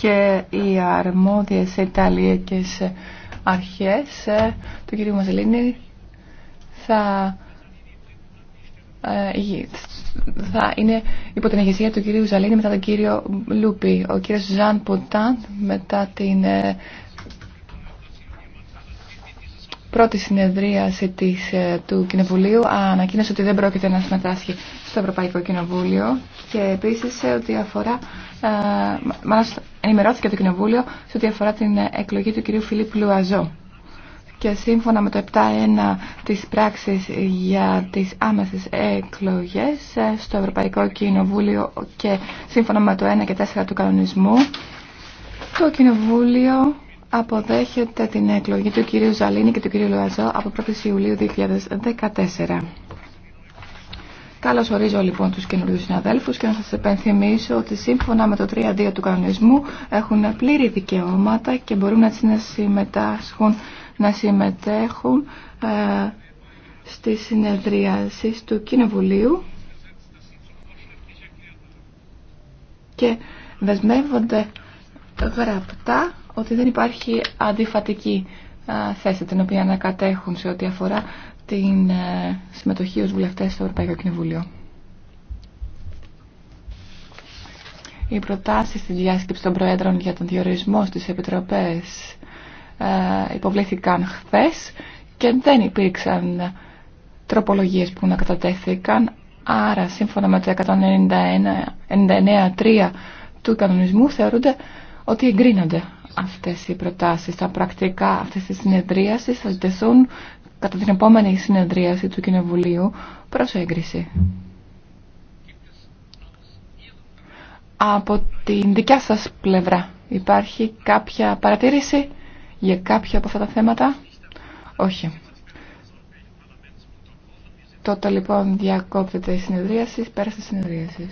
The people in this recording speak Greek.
και οι αρμόδιες Ιταλιακές αρχές ε, του κ. Μαζελίνη θα, ε, θα είναι υπό την ηγεσία του κ. Ζαλίνη μετά τον κ. Λούπι. Ο κ. Ζαν Ποντάν μετά την ε, πρώτη συνεδρίαση της, του Κοινοβουλίου ανακοίνωσε ότι δεν πρόκειται να συμμετάσχει στο Ευρωπαϊκό Κοινοβούλιο και επίσης ό,τι αφορά, ενημερώθηκε το Κοινοβούλιο σε ό,τι αφορά την εκλογή του κυρίου Φιλίπ Λουαζό. Και σύμφωνα με το 7.1 της πράξης για τις άμεσες εκλογές ε, στο Ευρωπαϊκό Κοινοβούλιο και σύμφωνα με το 1 και 4 του κανονισμού, το Κοινοβούλιο αποδέχεται την εκλογή του κυρίου Ζαλίνη και του κυρίου Λουαζό από 1η Ιουλίου 2014. Καλώς ορίζω λοιπόν τους καινούριου συναδέλφους και να σας επενθυμίσω ότι σύμφωνα με το 3-2 του κανονισμού έχουν πλήρη δικαιώματα και μπορούν να συμμετάσχουν, να συμμετέχουν ε, στη συνεδρίαση του Κοινοβουλίου και δεσμεύονται γραπτά ότι δεν υπάρχει αντιφατική θέση την οποία ανακατέχουν σε ό,τι αφορά την ε, συμμετοχή ως βουλευτές στο Ευρωπαϊκό Κοινοβούλιο. Οι προτάσεις στη διάσκεψη των Προέδρων για τον διορισμό στις Επιτροπές ε, υποβλήθηκαν χθες και δεν υπήρξαν τροπολογίες που να κατατέθηκαν. Άρα, σύμφωνα με το 1919-3 του κανονισμού, θεωρούνται ότι εγκρίνονται αυτές οι προτάσεις. Τα πρακτικά αυτές τις συνεδρίασεις θα ζητηθούν κατά την επόμενη συνεδρίαση του Κοινοβουλίου προς έγκριση. Από την δικιά σας πλευρά υπάρχει κάποια παρατήρηση για κάποια από αυτά τα θέματα. Όχι. Τότε λοιπόν διακόπτεται η συνεδρίαση πέρα τη συνεδρίαση.